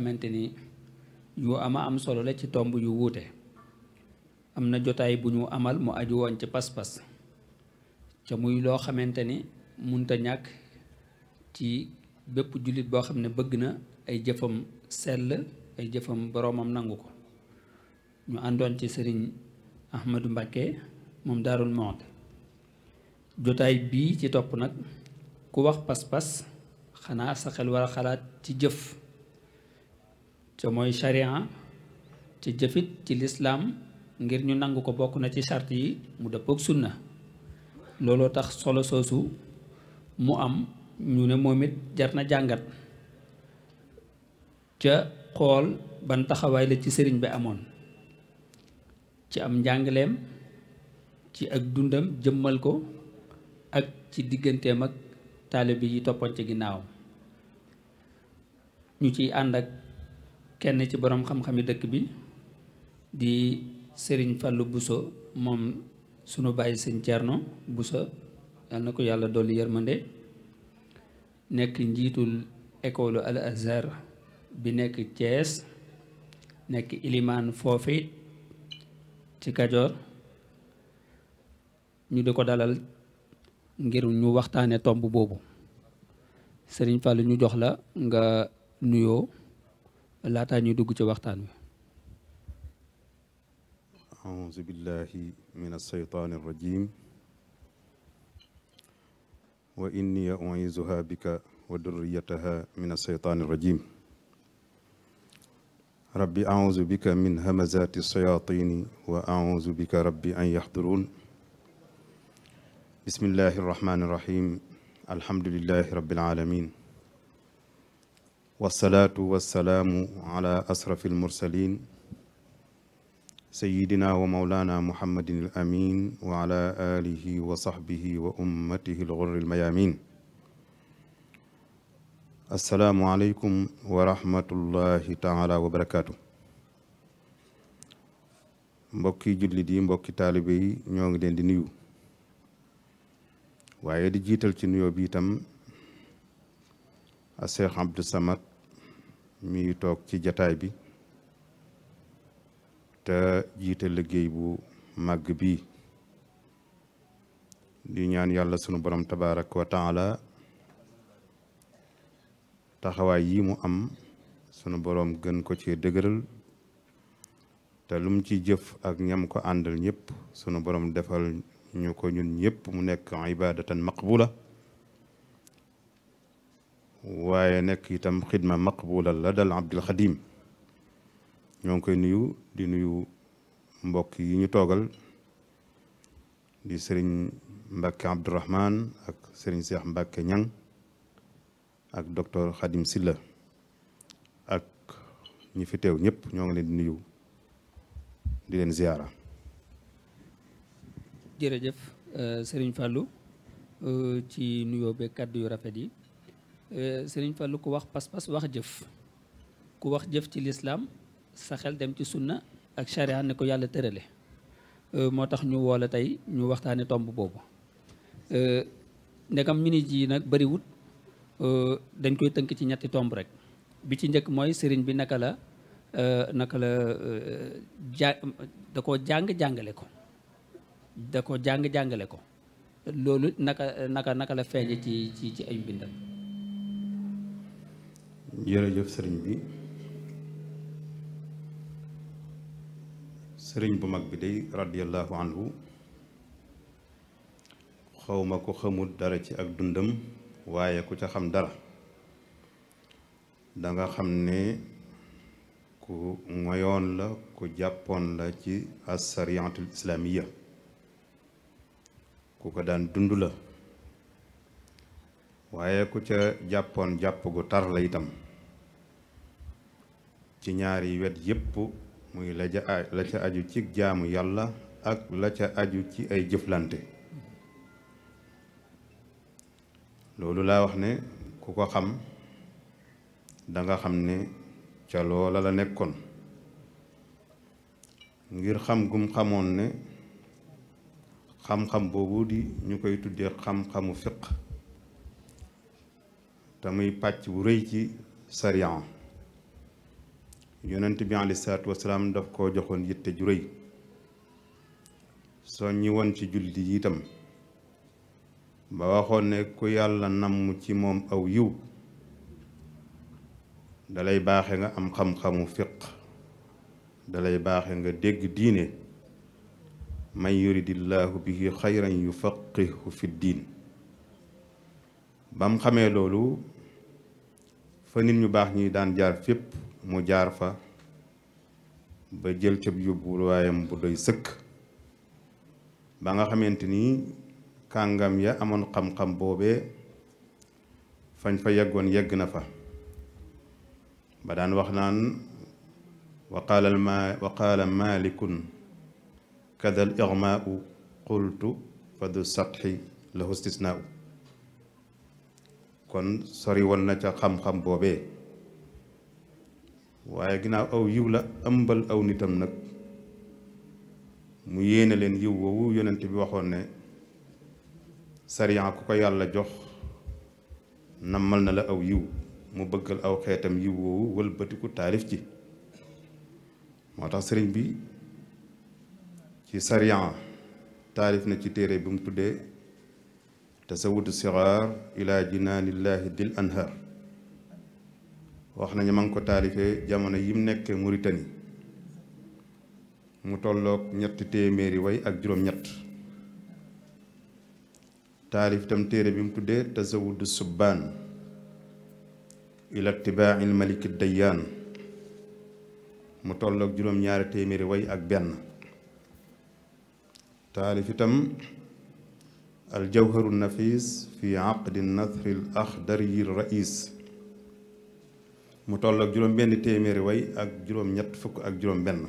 xamante ni yu ama am solo la ci tomb yu wuute am na jotaay bu ñu amal mu aju woon ci pas-pas ca muy loo xamante ni munta ñàkk ci bépp jullit boo xam ne bëgg na ay jëfam sell ay jëfam boroomam nangu ko ñu àndoon ci sëriñ Ahmadou mbakke moom Daarul Muhti jotaay bii ci topp nag ku wax pas-pas xanaa sa xel war xalaat ci jëf te mooy sharia ci jëfit ci lislaam ngir ñu nangu ko bokk na ci sart yi mu dëppook sunna looloo tax solo soosu mu am ñu ne moom it jar na jàngat ca xool ban taxawaay la ci sëriñ bi amoon ci am njàngaleem ci ak dundam jëmmal ko ak ci digganteem ak taalibe yi toppoon ci ginnaawam ñu ciy ànd ak kenn ci boroom xam-xami dëkk bi di sëriñ Fallou busa moom sunu bàyyi sëñ Thierno busa yal na ko yàlla dolli yërmande nekk njiitul école Al Azhar bi nekk cees nekk ilimaan foofi ci Kajoor ñu di ko dalal ngir ñu waxtaane tomb boobu sëriñ Fallou ñu jox la nga nuyoo laataa ñuy dugg ci waxtaan wi auzu billahi min alsheytaan arrajim wa inni uizuha bika wa durriyataha min alsheytaan arrajim rabbi auzu bika min hamazati sayatini wa auzu bika rabbi an yaxduruun bismillahi arrahmani arrahim alhamdulilahi rabbil alamin wasalaatu wasalaamu ala asrafi almursalin sayidina wa maulana muhammadin amin wa ala wa sahbihi wa ummatihi alxurri almayamin assalaamu aleykum wa rahmatullahi taala wa barakaatu mbokki jullit yi mbokki taalibe yi ñoo ngi leen di nuyu waaye di jiital ci nuyoo bi itam a Cheikh mi toog ci jataay bi te jiita liggéey bu màgg bi di ñaan yàlla sunu borom tabaaraka wa taala taxawaay yi mu am sunu borom gën ko ci dëgëral te lum ci jëf ak ñam ko àndal ñëpp sunu borom defal ñu ko ñun ñëpp mu nekk ibadatan maqbula waaye nekk itam xidma maqbula la dal abdul xadim ñoo ngi koy nuyu di nuyu mbokk yi ñu toogal di sëriñ Mbàkke Abdourahman ak sëriñ Seex Mbàkke Ñang ak docteur Xadim Silla ak ñi fi teew ñëpp ñoo ngi leen di nuyu di leen ziyaara jërëjëf euh, sëriñ Fallou euh, ci nuyoo be yu rafet yi Euh, sëriñ Fallu ko wax pas-pas wax jëf ku wax jëf ci lislaam sa xel dem ci sunna ak sharia ne ko yàlla tërale euh, moo tax ñu woola tey ñu waxtaane tomb boobu euh, ndegam minit yi nag bëriwut dañ koy tënk ci ñetti tomb rek bi ci njëkk mooy sëriñ bi naka la naka la ja da ko jàng jàngale ko da ko jàng jàngale ko loolu naka naka naka la feeñe ci ci ci ay mbindal jërëjëf sëriñ bi sëriñ bu mag bi day radiyallahu anhu xawma ko xamul dara ci ak dundam waaye ku ca xam dara danga xam ne ku moyoon la ku jàppoon la ci asariyatul islaamiya ku ko daan dund la waaye ku ca jàppoon jàpp gu tar la itam ci ñaari wet yépp muy la ca la aju ci jaamu yàlla ak la ca aju ci ay jëflante loolu laa wax ne ku ko xam danga xam ne ca loola la nekkoon ngir xam gum xamoon ne xam-xam boobu di ñu koy tuddee xam-xamu fiq te muy pàcc bu rëy ci sariyan yonent bi aleyhi salaatu wasalaam daf koo joxoon yitte ju rëy ñi woon ci julli yi itam ba waxoon ne ku yàlla namm ci moom aw yiw dalay baaxe nga am xam-xamu fiq dalay baaxe nga dégg diine may yuridillaahu bihi xayran yufaqihu fi diin bam xamee loolu fa nit ñu baax ñuy daan jaar fépp mu jaar fa ba jël cab yóbbu waayam bu doy sëkk ba nga xamante ni kàngam ya amoon xam-xam boobee fañ fa yeggoon yegg na fa ba daan wax naan wa qaala ma wa qaala malikun kada al qultu fa du satxi lahu istisnaau kon sori woon na ca xam-xam boobee waaye ginaaw aw yiw la ëmbal aw nitam nag mu yéene leen yiw woowu yonent bi waxoon ne sariyan ku ko yàlla jox nammal na la aw yiw mu bëggal aw xeetam yiw woowu wëlbatiku taalif ci moo tax sëriñ bi ci sariyan taalif na ci téere bi mu tuddee tasawudu sixaar ila jinaanillaahi dil anhar wax nañu ma ngi ko taalifee jamono yi mu nekkee Mauritanie mu tollook ñetti téeméeri way ak juróom-ñett taalif itam téere bi mu tuddee tazawudu subbaan ila tibaail maliki dayyaan mu tolloog juróom-ñaari téeméeri way ak benn taalif itam aljawharu nafis fi aqdi nathri al rais mu toll ak juróom benn téeméeri way ak juróom ñett fukk ak juróom benn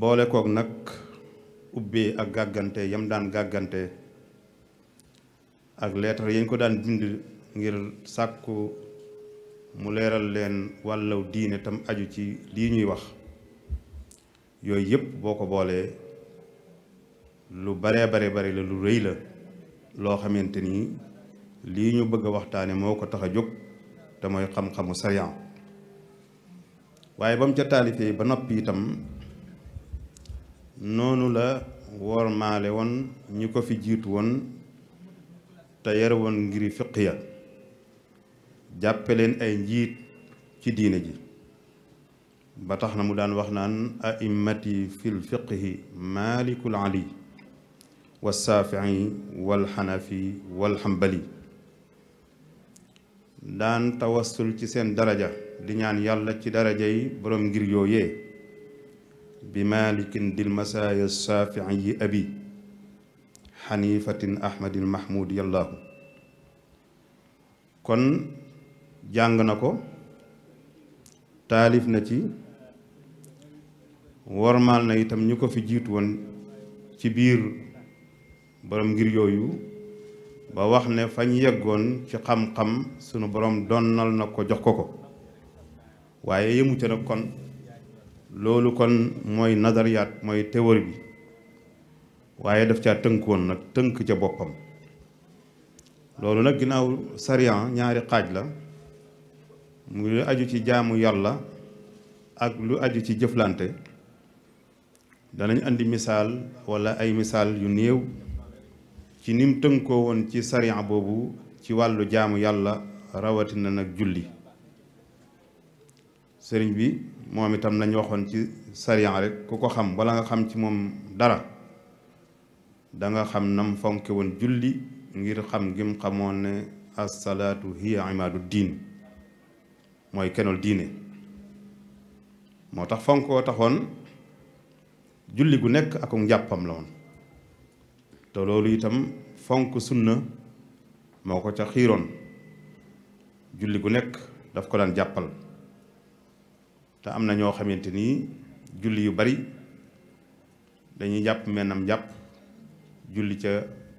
boole kook nag ubbee ak gàggante yam daan gàggante ak lettre yañ ko daan bind ngir sàkku mu leeral leen wàllaw diine tam aju ci lii ñuy wax yooyu yëpp boo ko boolee lu baree bare bari la lu rëy la loo xamante nii lii ñu bëgg a waxtaane moo ko tax a jóg te mooy xam-xamu sariya waaye ba mu ca ba noppi itam noonu la wormaale woon ñi ko fi jiitu woon te yar woon ngiri fiq jàppe leen ay njiit ci diine ji ba tax na mu daan wax naan a'immati fil fiqhi malikul ali wa saafi'i wal xanafi wal xambali daan tawassul ci seen daraja di yàlla ci daraja boroom ngir yooyee bi malikin dil masaaya saafiin yi abi xanifatin ahmadin mahmud yallaahu kon jàng na ko taalif na ci wormaal na itam ñu ko fi jiitu woon ci biir boroom ngir yooyu ba wax ne fañ yeggoon ci xam-xam sunu borom donnal na ko jox ko ko waaye yëmu ca nag kon loolu kon mooy nazariyaat mooy théorie bi waaye daf caa tënkuwoon nag tënk ca boppam loolu nag ginnaaw sariyan ñaari xaaj la mu lu aju ci jaamu yàlla ak lu aju ci jëflante danañ indi misaal wala ay misaal yu néew ci nim koo woon ci sariya boobu ci wàllu jaamu yàlla rawatina nag julli sëriñ bi moom itam lañ waxoon ci sariyan rek ku ko xam wala nga xam ci moom dara danga xam nam fonke woon julli ngir xam gim xamoon ne assalaatu hiya imaadu diin mooy kenol diine moo tax fonkoo taxoon julli gu nekk akum jàppam la woon te loolu itam fonk sunna moo ko ca xiiroon julli gu nekk daf ko daan jàppal te am na ñoo xamante ni julli yu bari dañuy jàpp mennam jàpp julli ca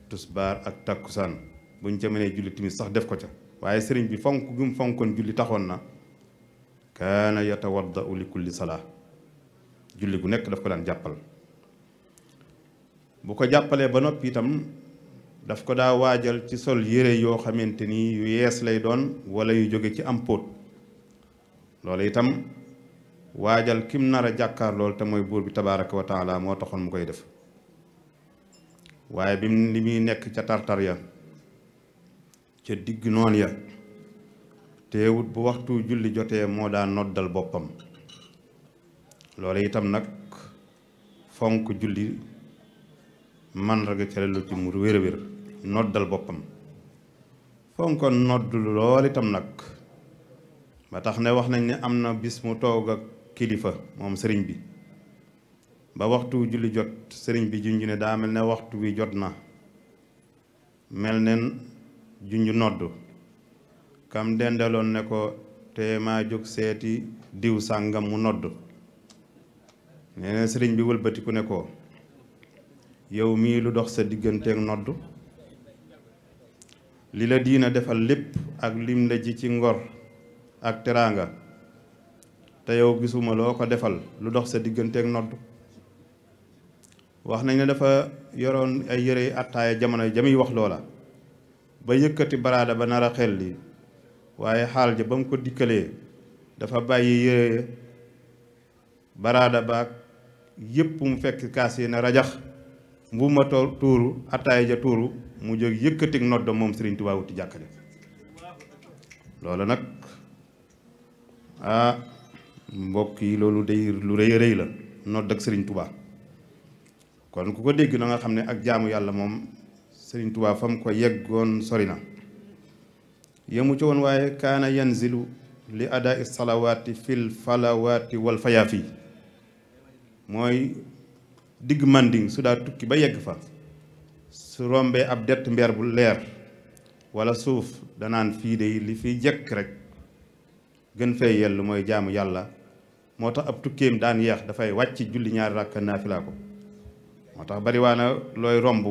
tusbaar ak takkusaan bu ñu ca mënee julli timis sax def ko ca waaye sëriñ bi fonk gi mu fonkoon julli taxoon na kaana yatawaddau li kulli salaa julli gu nekk daf ko daan jàppal bu ko jàppalee ba noppi itam daf ko daa waajal ci sol yére yoo xamante ni yu yees lay doon wala yu jóge ci am póot loolu itam waajal kim nar a jàkkaar lool te mooy buur bi tabaaraka wa moo taxoon mu koy def waaye bim li muy nekk ca tartar ya ca digg noon ya wut bu waxtu julli jotee moo daa noddal boppam loolu itam nag fonk julli mandarga ca la ci mu wér noddal boppam fonkoon nodd lool itam nag ba tax ne wax nañ ne am na bis mu toog ak kilifa moom sëriñ bi ba waxtu julli jot sëriñ bi junj ne daa mel ne waxtu wi jot na mel ne junj nodd kam dendaloon ne ko te maa jóg seeti diw sàngam mu nodd nee sëriñ bi wëlbatiku ne ko yow mii lu dox sa digganteek nodd li la diina defal lépp ak lim ji ci ngor ak teraanga te yow gisuma loo ko defal lu dox sa digganteeg nodd wax nañ ne dafa yoroon ay yére attaaya jamono jamuy wax loola ba yëkkati baraada ba nar a xel li waaye xaal ja ba mu ko dikkalee dafa bàyyi yëree baraada ba yépp mu fekk kaas yi na rajax mbu ma tool tuuru attaay ja tuuru mu jóg yëkkatig nodda moom Serigne Touba wuti jàkkale loolu nag ah mbokk yi loolu day lu rëy rëy la nodd ak Serigne Touba kon ku ko dégg na nga xam ne ak jaamu yàlla moom sëriñ tubaa fa ko yeggoon sori na yemu ci woon waaye kaana yanzilu li adaa salawaati fil falawaati wal fayaafi mooy digg Manding su daa tukki ba yegg fa su rombee ab dett mbeer bu leer wala suuf danaan fii de li fiy jekk rekk gën fee yell mooy jaamu yàlla moo tax ab tukkeem daan yeex dafay wàcc julli ñaari ràkka naafila ko moo tax bariwaana looy romb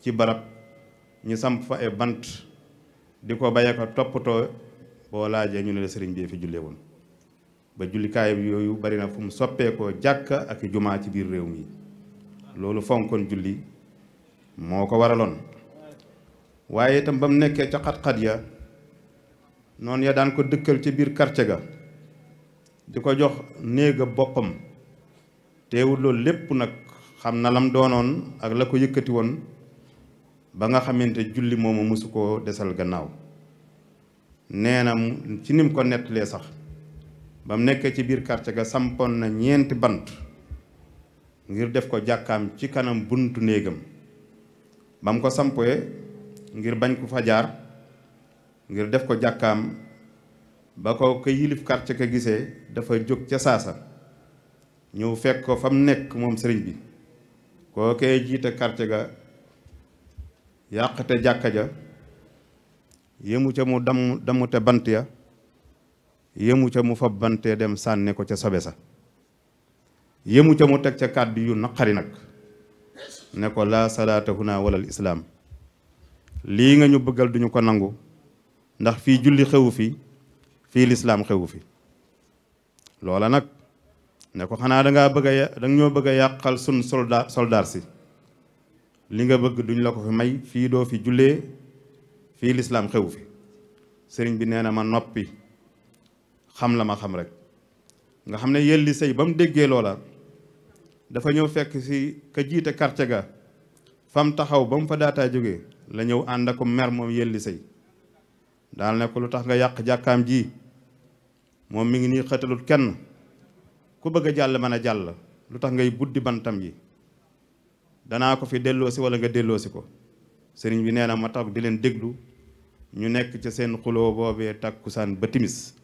ci barab ñu samp fa ay bant di ko bayee ko toppatoo boo laajee ñu ne la sëriñ bi fi jullee woon ba jullikaayam yooyu bari na fu mu soppeekoo jàkka ak jumaa ci biir réew mi loolu fonkoon julli moo ko waraloon waaye itam ba mu nekkee ca xat-xat ya noonu ya daan ko dëkkal ca biir karce ga di ko jox néega boppam teewul loolu lépp nag xam nalam doonoon ak la ko yëkkati woon ba nga xamante julli moomu mosu koo desal gannaaw nee na ci nim ko nettalee sax ba mu nekkee ci biir kàrce ga sampoon na ñeenti bant ngir def ko jàkkaam ci kanam buntu néegam ba mu ko sampee ngir bañ ko fajaar ngir def ko jàkkaam ba ko ko yilif quartier ka gisee dafa jóg ca saasa ñëw fekk ko fa mu nekk moom sëriñ bi koo koy jiite quartier ga yàqate jàkka ja yëmu ca mu damm dammute bant ya yëmu ca mu fa bantee dem sànne ko ca sobe sa yëmu ca mu teg ca kàddu yu naqari nag ne ko laa salaata huna walal islaam lii nga ñu bëggal duñu ko nangu ndax fii julli xewu fi fii lislaam xewu fi loola nag ne ko xanaa dangaa bëgg danga ñoo bëgg a yàqal sun soldaar si li nga bëgg duñ la ko fi may fii doo fi jullee fii lislaam xewu fi sëriñ bi nee na ma noppi xam la ma xam rek nga xam ne yelli sëy ba mu déggee loola dafa ñëw fekk si ka jiite quartier ga fam taxaw ba mu fa daataa jóge la ñëw ànd ak mer moom yelli sëy daal ne ko lu tax nga yàq jàkkaam ji moom mi ngi nuy xëtalut kenn ku bëgg a jàll man a jàll lu tax ngay buddi bantam yi danaa ko fi delloosi wala nga delloosi ko sëriñ bi nee na ma toog di leen déglu ñu nekk ca seen xuloo boobee takkusaan ba timis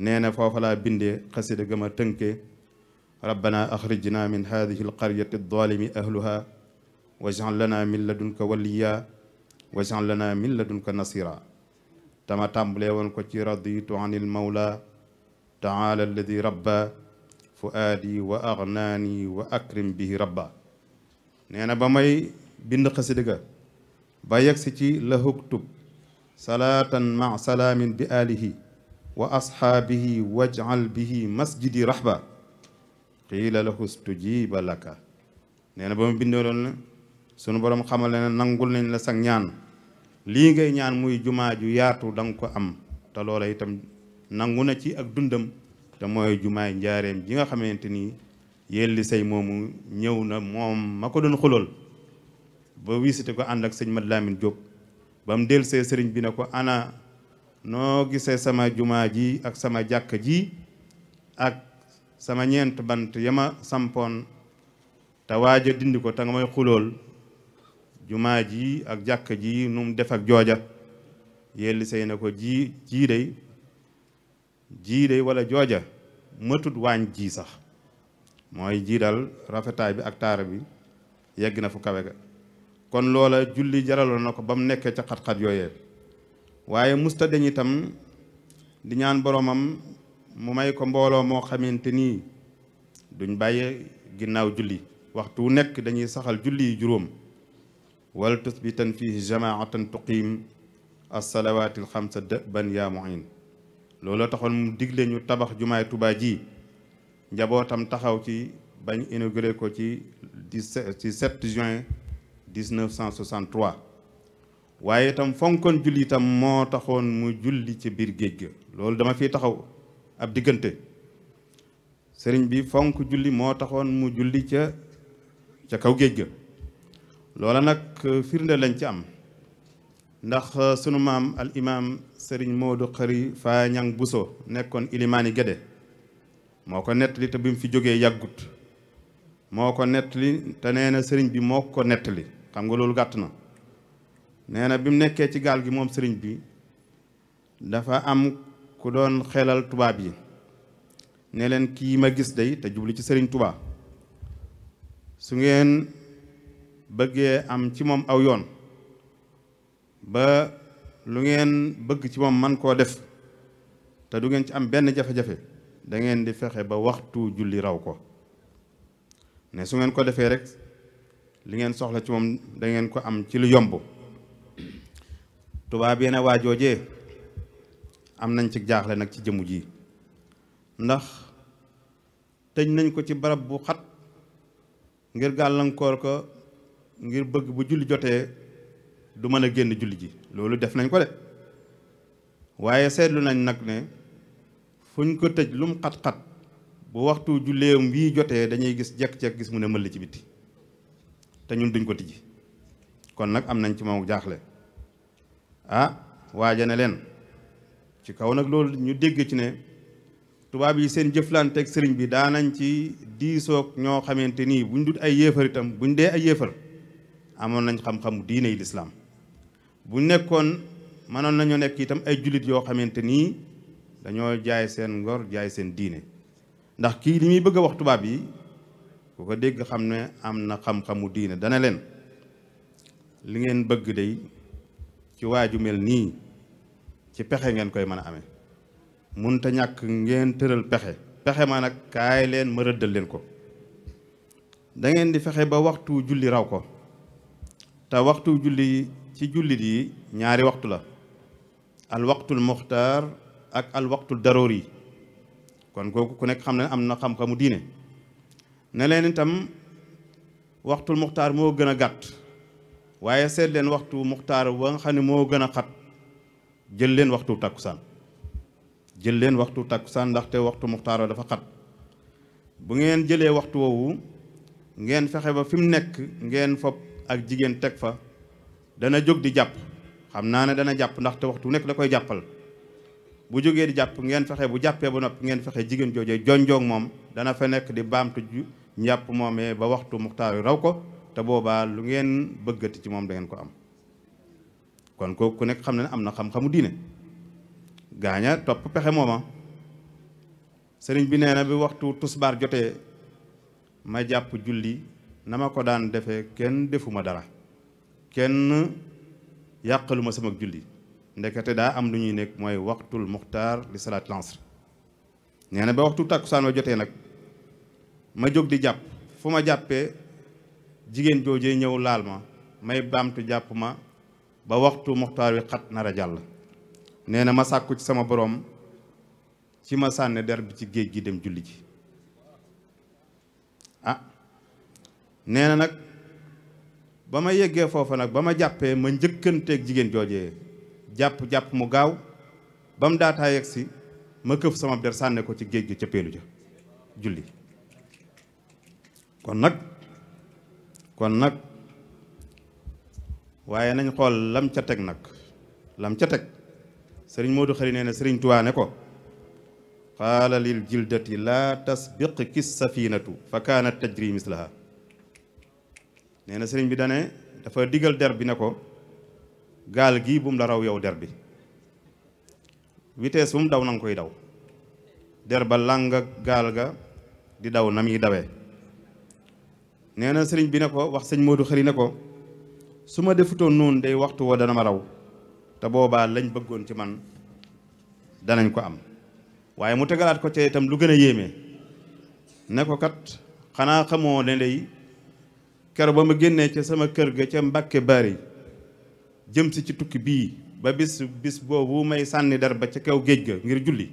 nee na foofa laa bindee xasida gëma tënkee rabbana axrijna min hadihi alqaryati aldalimi ahluha wajal lana min ladunka waliya wajal lana min ladunka nasira tama tàmbalee woon ko ci raditu an il mawla taala alladi rabba fuaadi wa agnaani wa akrim bihi rabba nee na ba may bind xasida ga ba yegsi ci la huktub salaatan ma salaamin bi alihi wa asxaabihi wajal bihi masjidi rahba qiila ji stujiba laka nee na ba mu bindoo lool ne sunu borom xamal ne nangul nañ la sag ñaan lii ngay ñaan muy jumaa ju yaatu da ko am te loola itam nangu na ci ak dundam te mooy jumaay njaareem ji nga xamante ni yelli say moomu ñëw na moom ma ko doon xulool ba wiisite ko ànd ak sëñ Mat Laamin Jóob ba mu delsee sëriñ bi ne ko ana noo gisee sama jumaa ji ak sama jàkk ji ak sama ñeent bant yama ma sampoon te waaj a dindi ko te nga may xulool jumaa ji ak jàkk ji nu mu def ak jooja yelli sey na ko ji jii day jii day wala jooja matut waañ ji sax mooy jii dal rafetaay bi ak taar bi yegg na fu kawe ga kon loola julli jaralool na ko ba mu nekkee ca xat-xat yooyee waaye musta dañ itam di ñaan boroomam mu may ko mbooloo moo xamante nii duñ bàyyi ginnaaw julli waxtu wu nekk dañuy saxal julli yu juróom wal tusbitan fihi jamaatan tuqiim asalawaati alxamsa dëban yaa muin looloo taxoon mu digle ñu tabax jumaay Tuubaa ji njabootam taxaw ci bañ inauguré ko ci 17 juin 1963 waaye itam fonkoon julli itam moo taxoon mu julli ci biir géej ga loolu dama fi taxaw ab diggante sëriñ bi fonk julli moo taxoon mu julli ca ca kaw géej ga loola nag euh, firnde lañ ci am ndax euh, sunu maam al imaam sëriñ Moodu Xari Faa Ñang Buso nekkoon ilimaani Gédé moo ko nettali te bi mu fi jógee yàggut moo ko nettali te nee na sëriñ bi moo ko nettali xam nga loolu gàtt na nee na bi mu nekkee ci gaal gi moom sëriñ bi dafa am ku doon xelal tubaab yi ne leen kii ma gis day te jublu ci sëriñ tubaa su ngeen bëggee am ci moom aw yoon ba lu ngeen bëgg ci moom man koo def te du ngeen ci am benn jafe-jafe da ngeen di fexe ba waxtu julli raw ko ne su ngeen ko defee rek li ngeen soxla ci moom dangeen ko am ci lu yomb tubaab yi ne waa joojee am nañ ci jaaxle nag ci jëmu ji ndax tëj nañ ko ci barab bu xat ngir gàllankoor ko ngir bëgg bu julli jotee du mën a génn julli ji loolu def nañ ko de waaye seetlu nañ nag ne fuñ ko tëj lum xat-xat bu waxtu julleem wii jotee dañuy gis jekk-jekk gis mu ne mëll ci biti te ñun duñ ko tijji kon nag am nañ ci moom jaaxle ah waaja ne leen ci kaw nag loolu ñu dégg ci ne tubaab yi seen jëflanteeg sëriñ bi daanañ ci diisoog ñoo xamante nii buñ dut ay yéefar itam buñ dee ay yéefar amoon nañ xam-xamu diine yi lislaam buñ nekkoon mënoon nañoo nekk itam ay jullit yoo xamante nii dañoo jaay seen ngor jaay seen diine ndax kii li muy bëgg a wax tubaab yi ku ko dégg xam ne am na xam-xamu diine dana leen li ngeen bëgg day ci waaju mel nii ci pexe ngeen koy mën a amee mun te ñàkk ngeen tëral pexe pexe ma nag kaay leen ma rëddal leen ko dangeen di fexe ba waxtu julli raw ko te waxtu julli ci jullit yi ñaari waxtu la al waxtul muxtaar ak al waxtul daroor yi kon kooku ku nekk xam ne am na xam-xamu diine ne leen waxtul muxtaar moo gën a gàtt waaye seet waxtu muxtaar wa nga xam ne moo gën a xat jël leen waxtu takkusaan jël leen waxtu takkusaan ndaxte waxtu muxtaar dafa xat bu ngeen jëlee waxtu woowu ngeen fexe ba fi mu nekk ngeen fopp ak jigéen teg fa dana jóg di jàpp xam naa ne dana jàpp ndaxte waxtu nekk da koy jàppal bu jógee di jàpp ngeen fexe bu jàppee ba noppi ngeen fexe jigéen joojee jonjoog moom dana fa nekk di baamtu njàpp moomee ba waxtu muxtaar raw ko te boobaa lu ngeen bëggati ci moom da ngeen ko am kon kooku ku nekk xam na ne am na xam-xamu diine gaaña topp pexe mooma sëriñ bi nee na bi waxtu tusbaar jotee ma jàpp julli na ma ko daan defee kenn defuma dara kenn yàqaluma sama julli ndekete daa am lu ñuy nekk mooy waxtul muxtaar li salaat lansr nee na ba waxtu tàkkusaan wa jotee nag ma jóg di jàpp fu ma jàppee jigéen joojee ñëw laal ma may baamtu jàpp ma ba waxtu muxtaar wi xat nar a jàll nee na ma sàkku ci sama boroom ci ma sànne der bi ci géej gi dem julli ji ah nee na nag ba ma yeggee foofa nag ba ma jàppee ma njëkkanteeg jigéen jooje jàpp-jàpp mu gaaw ba mu daataa yegg si ma këf sama der sànne ko ci géej gi ca peelu ja julli kon nag kon nag waaye nañ xool lam ca teg nag lam ca teg sëriñ moo Khari nee na sëriñ Tuubaa ko qaala lil jildati laa tasbiq ki safiinatu fa kaanat tajri mislaha nee na sëriñ bi dane dafa digal der bi ne ko gaal gi bu mu la raw yow der bi vitesse bu daw na koy daw der ba làng gaal ga di daw na muy dawee nee na sëriñ bi ne ko wax sëñ Modou xëri ne ko su ma defutoo noonu day waxtu wa dana ma raw te boobaa lañ bëggoon ci man danañ ko am waaye mu tegalaat ko ci itam lu gën a yéeme ne ko kat xanaa xamoo ne day kero ba ma génnee ca sama kër ga ca Mbàkke Bari jëm si ci tukki bii ba bis bis boobu may sànni dar ba ca kaw géej ga ngir julli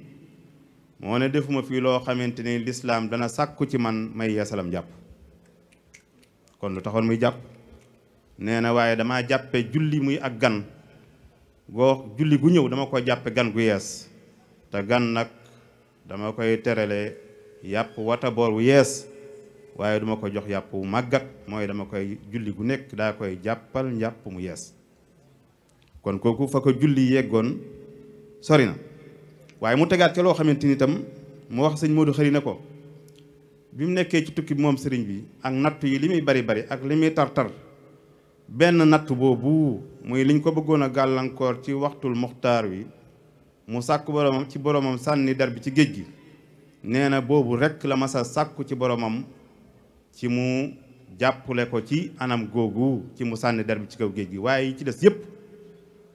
moo ne defuma fii loo xamante ni lislaam dana sàkku ci man may yeesalam jàpp kon lu taxoon muy jàpp nee na waaye damaa jàppe julli muy ak gan goo julli gu ñëw dama ko jàppe gan gu yees te gan nag dama koy terale yàpp wata wu yees waaye dama ko jox yàpp wu màggat mooy dama koy julli gu nekk daa koy jàppal njàpp mu yees kon kooku fa ko julli yeggoon sori na waaye mu tegaat ca loo xamante ni itam mu wax sëñ Modou xëri na ko bi mu nekkee ci tukki bi moom sëriñ bi ak natt yi li muy bari bari ak li muy tar-tar benn natt boobu muy liñ ko bëggoon a gàllankoor ci waxtul muxtaar wi mu sàkk boromam ci boromam sànni der bi ci géej gi nee na boobu rekk la masa sàkku ci boromam ci mu jàppale ko ci anam googu ci mu sànni der bi ci kaw géej gi waaye yi ci des yépp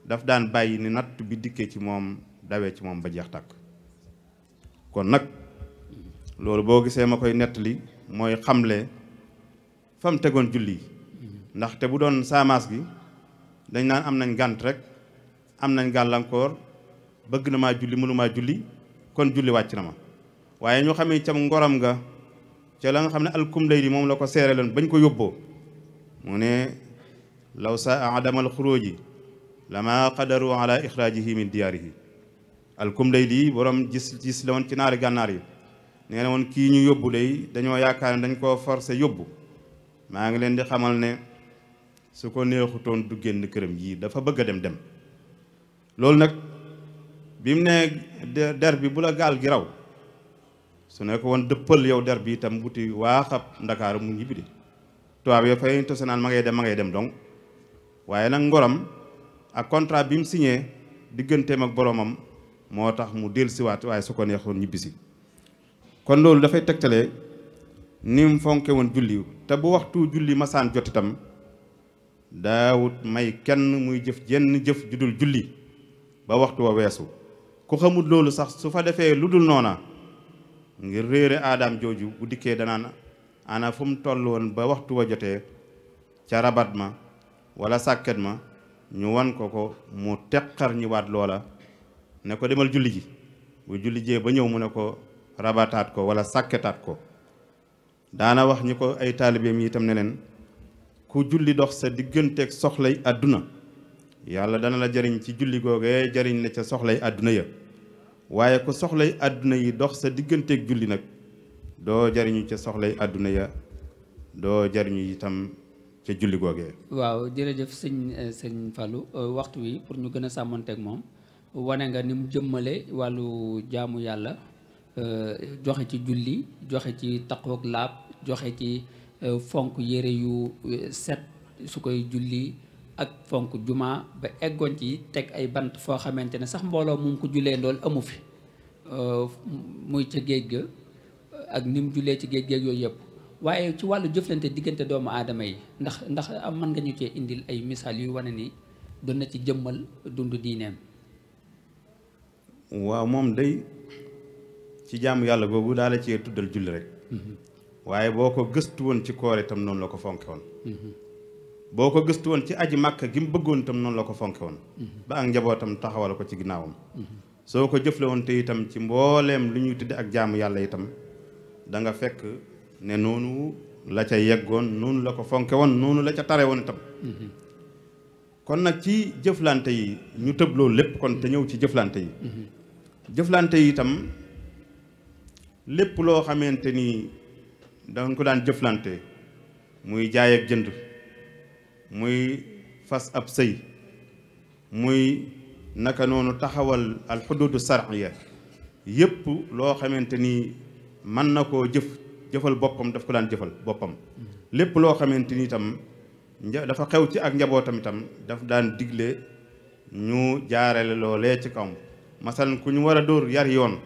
daf daan bàyyi ni natt bi dikkee ci moom dawee ci moom ba jeex tàkk kon nag loolu boo gisee ma koy nettali mooy xamle fa mu tegoon julli ndaxte bu doon saamaas gi dañ naan am nañ gànt rek am nañ gàllankoor bëgg na maa julli mënu julli kon julli wàcc na ma waaye ñu xamee cam ngoram ga ca la xam ne alkum lay di moom la ko seere loon bañ ko yóbboo mu ne law saa adamal xuróoji lama qadaru ala ixraajihi min diyaarihi alkum lay di borom gis gis la ci naari gànnaar yi nee na woon kii ñu yóbbu day dañoo yaakaar ne dañ koo forcé yóbbu maa ngi leen di xamal ne su ko neexutoon du génn këram yii dafa bëgg a dem dem loolu nag bi mu nee der bi bu la gaal gi raw su ne ko woon dëppal yow der bi itam wuti waaxab ndakaaru mu ñibbi de tubaab yo fay tose naan ma ngay dem ma ngay dem donc waaye nag ngoram ak contrat bi mu signé digganteem ak boroomam moo tax mu dellusiwaat waaye su ko neexoon ñibbisi kon loolu dafay tegtalee ni mu fonke woon julli te bu waxtu julli masaan jot itam daawut may kenn muy jëf jenn jëf ju dul julli ba waxtu wa weesu ku xamut loolu sax su fa defee lu dul noona ngir réere aadaam jooju bu dikkee danaan ana fu mu toll woon ba waxtu wa jotee ca rabat ma wala sàkket ma ñu wan ko ko mu teqar ñi waat loola ne ko demal julli ji bu julli jee ba ñëw mu ne ko rabataat ko wala sàkketaat ko daana wax ñi ko ay taalibeem yi tam ne leen ku julli dox sa digganteeg soxlay àdduna yàlla dana la jariñ ci julli googee jariñ ca soxlay àdduna ya waaye ku soxlay àdduna yi dox sa digganteeg julli nag doo jariñu ca soxlay àdduna ya doo jariñu itam ca julli googee waaw jërëjëf sëñ eh, sëñ Fallou eh, waxtu wi pour ñu gën a sàmmanteeg moom wane nga ni jëmmale wàllu jaamu yàlla Euh, joxe ci julli joxe ci taqoog laab joxe ci euh, fonk yére yu euh, set su koy julli ak fonk juma ba eggoon ci teg ay bant foo xamante ne sax mbooloo mu ko jullee ndool amu fi muy ca géej ga ak ni mu jullee ci géej géej yooyu yëpp waaye ci wàllu jëflante diggante doomu aadama yi ndax ndax am mën nga ñu cee indil ay misaal yuy wane ni doon na ci jëmmal dund diineem waaw moom day ci jaamu yàlla googu daala ci tuddal julli rek mhm. waaye boo ko gëstu woon ci koor itam noonu la ko fonke woon mhm. boo ko gëstu woon ci aji màkk gi mu bëggoon itam noonu la ko fonke woon mhm. ba ak njabootam taxawal ko ci ginnaawam soo ko jëfle woon te itam ci mbooleem lu ñuy tudde ak jaamu yàlla itam da nga fekk ne noonu la ca yeggoon noonu la ko fonke woon noonu la ca tare woon tam kon nag ci jëflante yi ñu tëbloo lépp kon te ñëw ci jëflante yi jëflante yi itam lépp loo xamante ni danga ko daan jëflante muy jaay ak jënd muy fas ab sëy muy naka noonu taxawal al xuduudu sarciya yépp loo xamante ni mën na ko jëf jëfal boppam daf ko daan jëfal boppam lépp loo xamante ni itam dafa xew ci ak njabootam itam daf daan digle ñu jaarale loolee ci kawam masalan ku ñu war a dóor yar yoon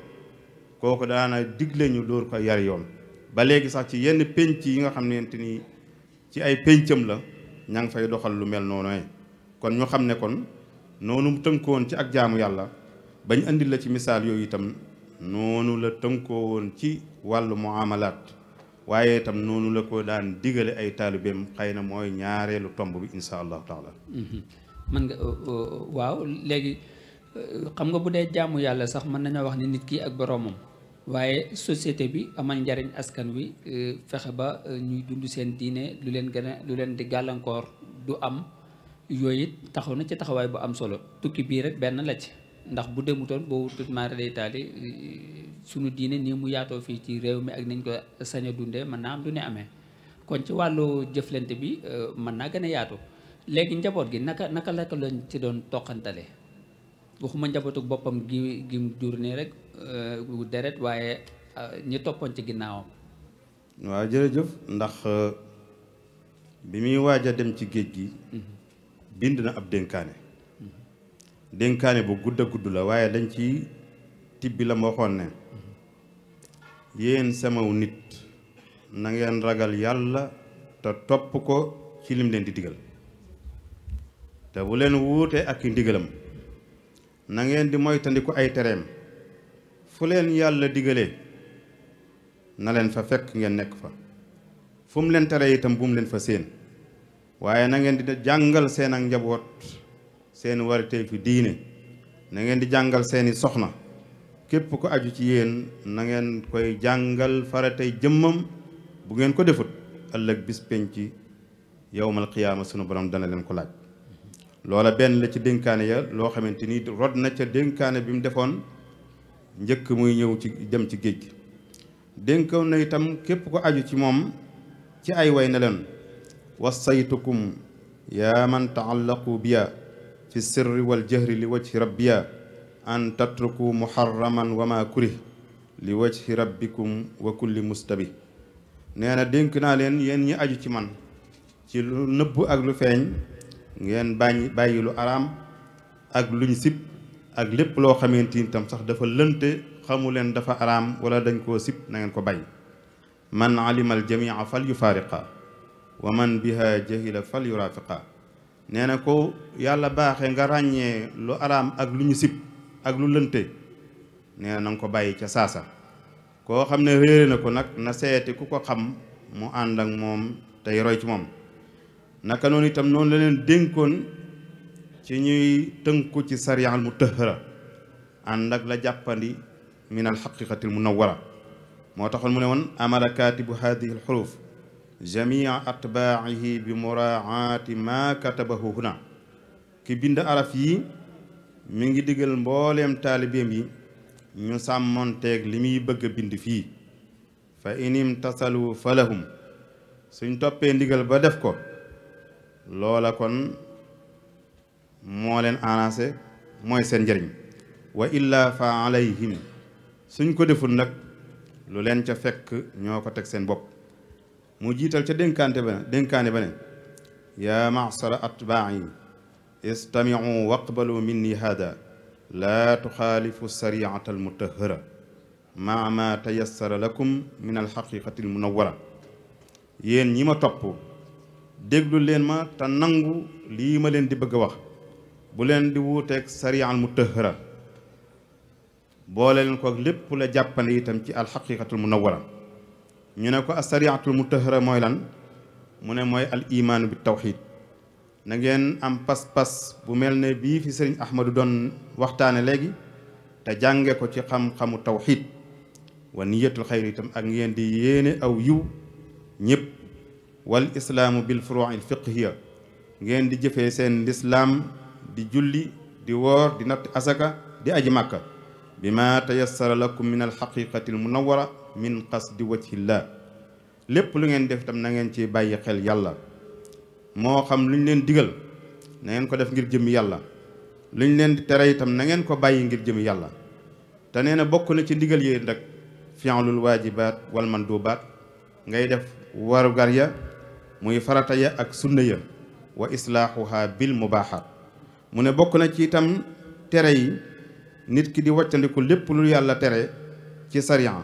kooku daana digle ñu dóor ko yar yoon ba léegi sax ci yenn pénc yi nga xam nente ni ci ay péncam la ña ngi fay doxal lu mel noonu kon ñu xam ne kon noonu mu ci ak jaamu yàlla bañ andil la ci misaal yooyu itam noonu la tënkoowoon ci wàllu muamalaat waaye itam noonu la ko daan digale ay taalibeem xëy na mooy ñaareelu tomb bi insha mhm. nga oh, oh, waaw léegi euh, xam yàlla sax mën nañoo wax ni nit kii ak boroomam waaye société bi amal njariñ askan wi euh, fexe ba euh, ñuy dund seen diine lu leen gën a lu leen di gàllankoor du am yooyu it taxaw na ci taxawaay bu am solo tukki bii rek benn la ci ndax bu demutoon boobu tout maara day taali euh, sunu diine nii mu yaatoo fii ci réew mi ak niñ ko sañ dundee mën naa am du ne amee kon ci wàllu jëflante bi mën naa gën a yaatoo léegi njaboot gi naka naka la ko lañ ci doon toqantale waxuma njabootu boppam gi gi mu nii rek euh, gu deret waaye euh, ñi toppoon ci ginnaawam. waaw jërëjëf ndax bi muy waaj a dem ci géej gi. Mhm. bind na ab dénkaane. Mhm. dénkaane bu gudd a gudd la waaye dañ ci tibbi la ma waxoon ne. Mhm. yéen samaw nit nangeen ragal yàlla te topp ko ci lim leen di digal te bu leen wuute ak i ndigalam. na ngeen di moytandiku ay tereem fu leen yàlla digalee na leen fa fekk ngeen nekk fa fu leen tere itam bu mu leen fa séen waaye na ngeen di jàngal seen ak njaboot seen warite fi diine na ngeen di jàngal seeni soxna képp ko aju ci yéen nangeen koy jàngal faratey jëmmam bu ngeen ko defut ëllëg bis penc yowmal qiyaama sunu borom dana leen ko laaj loola benn la ci dénkaane ya loo xamante ni rod na ca dénkaane bi mu defoon njëkk muy ñëw ci dem ci géej gi dénkoon na itam képp ko aju ci moom ci ay way ne leen wasaytukum yaa man taallaqu biya fi sirri wal jahri li wajhi rabbiya an tatruku muharraman wa ma kurih li wajhi rabbikum wa kulli mustabi nee na dénk naa leen yéen ñi aju ci man ci lu nëbb ak lu feeñ ngeen bàññi bàyyi lu araam ak lu luñ sib ak lépp loo xamante ni tam sax dafa lënte xamu leen dafa araam wala dañ koo sib na ko bañ man alima al jamia fal yufaariqa wa man biha jahila fal nee na ko yàlla baaxee nga ràññee lu araam ak lu ñu sib ak lu lënte nee na ko bàyyi ca saasa koo xam ne réere na ko nag na seeti ku ko xam mu ànd ak moom tey roy ci moom naka noonu itam noon la leen dénkoon ci ñuy tënku ci sariya al mutahara ak la jàppandi min al xaqiqati al moo taxoon mu ne woon amala kaatibu hadihi al xuruf jamia bi muraaati ma katabahu huna ki bind araf yi mi ngi digal mboolem taalibeem yi ñu sàmmonteeg li muy bëgg a bind fii fa in imtasalu falahum suñ toppee ndigal ba def ko loola kon moo leen arrangé mooy seen njariñ wa illa fa alayhim suñ ko deful nag lu leen ca fekk ñoo ko teg seen bopp mu jiital ca dénkaante ba dénkaane ba ne yaa macsara atbaa'i istami'u waqbalu minni hada laa tuxaalifu sariata almutahara maa ma tayassara lakum min alxaqiqati almunawara yéen ñi ma topp déglu leen ma te nangu lii ma leen di bëgg a wax bu leen di wuuteeg sariyaan mu tëhëra boole leen ko lépp la jàppale itam ci mu munawara ñu ne ko asariyatul mu tëhëra mooy lan mu ne mooy al imaanu bi tawxiid na ngeen am pas-pas bu mel ne bii fi sëriñ ahmadu doon waxtaane léegi te jànge ko ci xam-xamu tawxiid wa niyatul xayri itam ak ngeen di yéene aw yiw ñépp wal islaamu bil furuu il fiqhiya ngeen di jëfee seen lislaam di julli di woor di natt asaka di aji màkka bi ma tayassara lakum min alxaqiqati al munawara min qasdi wajhillah lépp lu ngeen def itam na ngeen ci bàyyi xel yàlla moo xam lu ñu leen digal na ngeen ko def ngir jëmi yàlla lu ñu leen di tere itam na ngeen ko bàyyi ngir jëmi yàlla te nee na bokk na ci ndigal yéen rek fi'lul waajibaat wal mandubaat ngay def warugar ya muy farata ya ak sunna ya wa islaaxuha bil mubaaxaat mu ne bokk na ci itam tere yi nit ki di waccandiku lépp lu yàlla tere ci sariya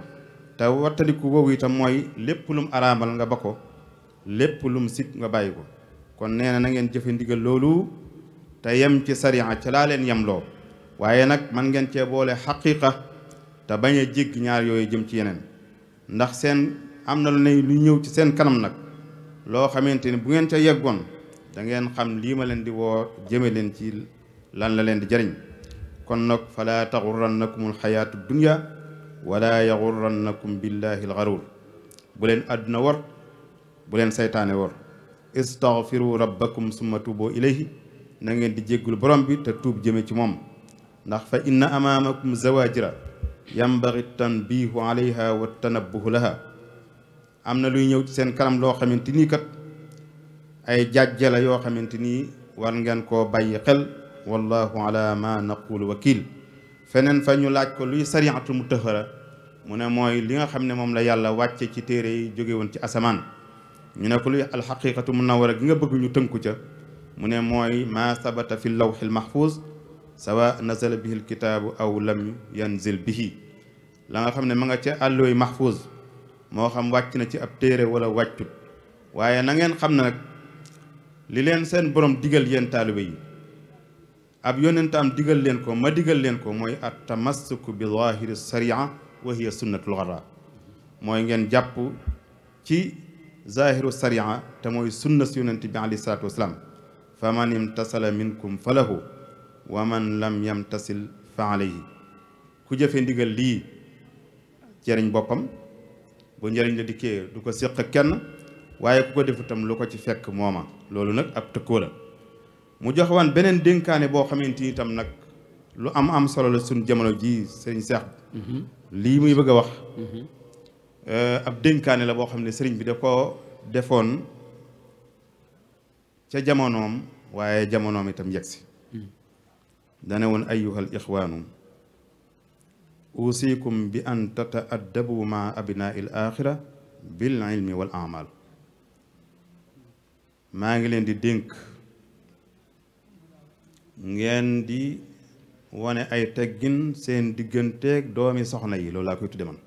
te wattandiku woowu itam mooy lépp lum araamal nga ba ko lépp lum sit nga bàyyi ko kon nee na na ngeen jëfe ndigal loolu te yem ci sariya ca laa leen loo waaye nag man ngeen cee boole xaqiiqa te bañ a jéggi ñaar yooyu jëm ci yeneen ndax seen am na lu lu ñëw ci seen kanam nag loo xamante ni bu ngeen ca yeggoon da ngeen xam lii ma leen di woo jëme leen ci lan la leen di jariñ kon nag fala taxurrannakum alxayaatu walaa wala yaxurrannakum billahi alxaruur bu leen àdduna war bu leen seytaane war istaghfiru rabbakum summa tuubu ilayhi na ngeen di jéggul borom bi te tuub jëme ci moom ndax fa inna amaamakum zawajira yambaxi tanbiihu alayha wa tanabbuhu laha am na luy ñëw ci seen kanam loo xamante nii kat ay jàjje yoo xamante nii war ngeen koo bàyyi xel wallahu ala ma naqulu wakil feneen fa ñu laaj ko luy sariatu mutahara mu ne mooy li nga xam ne moom la yàlla wàcce ci téere yi jóge woon ci asamaan ñu ne ko luy alxaqiqatu munawara gi nga bëgg ñu tënku ca mu ne mooy ma sabata fi lawxil mahfuz sawa nazala bihi alkitaabu aw lam yanzil bihi la nga xam ne ma nga ca àlloy mahfuz moo xam wàcc na ci ab téere wala wàccut waaye na ngeen xam ne nag li leen seen borom digal yéen taalibe yi ab yonentaam digal leen ko ma digal leen ko mooy at tamassuku bi zahiri saria wa hiya sunnatul xara mooy ngeen jàpp ci zahiru saria te mooy sunna si yonent bi alei salatu wasalaam fa man imtasala minkum falahu wa man lam yamtasil fa alayhi ku jëfe ndigal lii jëriñ boppam bu njëriñ la dikkee du ko séq kenn waaye ku ko def itam lu ko ci fekk mooma loolu nag ab tëkkoo la mu jox waan beneen dénkaane boo xamante ni itam nag lu am am solo la suñ jamono ji sëriñ Seex mhm. lii muy bëgg wax mhm. euh, ab dénkaane la boo xam ne sëriñ bi da ko defoon ca jamonoom waaye jamonoom itam yegsi mhm. dana woon ay ayyuhal ixwaanu uusikum bi an tataaddabu ma abnaa il axira bil ilmi wal amal maa ngi leen di dénk ngeen di wane ay teggin seen digganteek doomi soxna yi loolu koy tudde man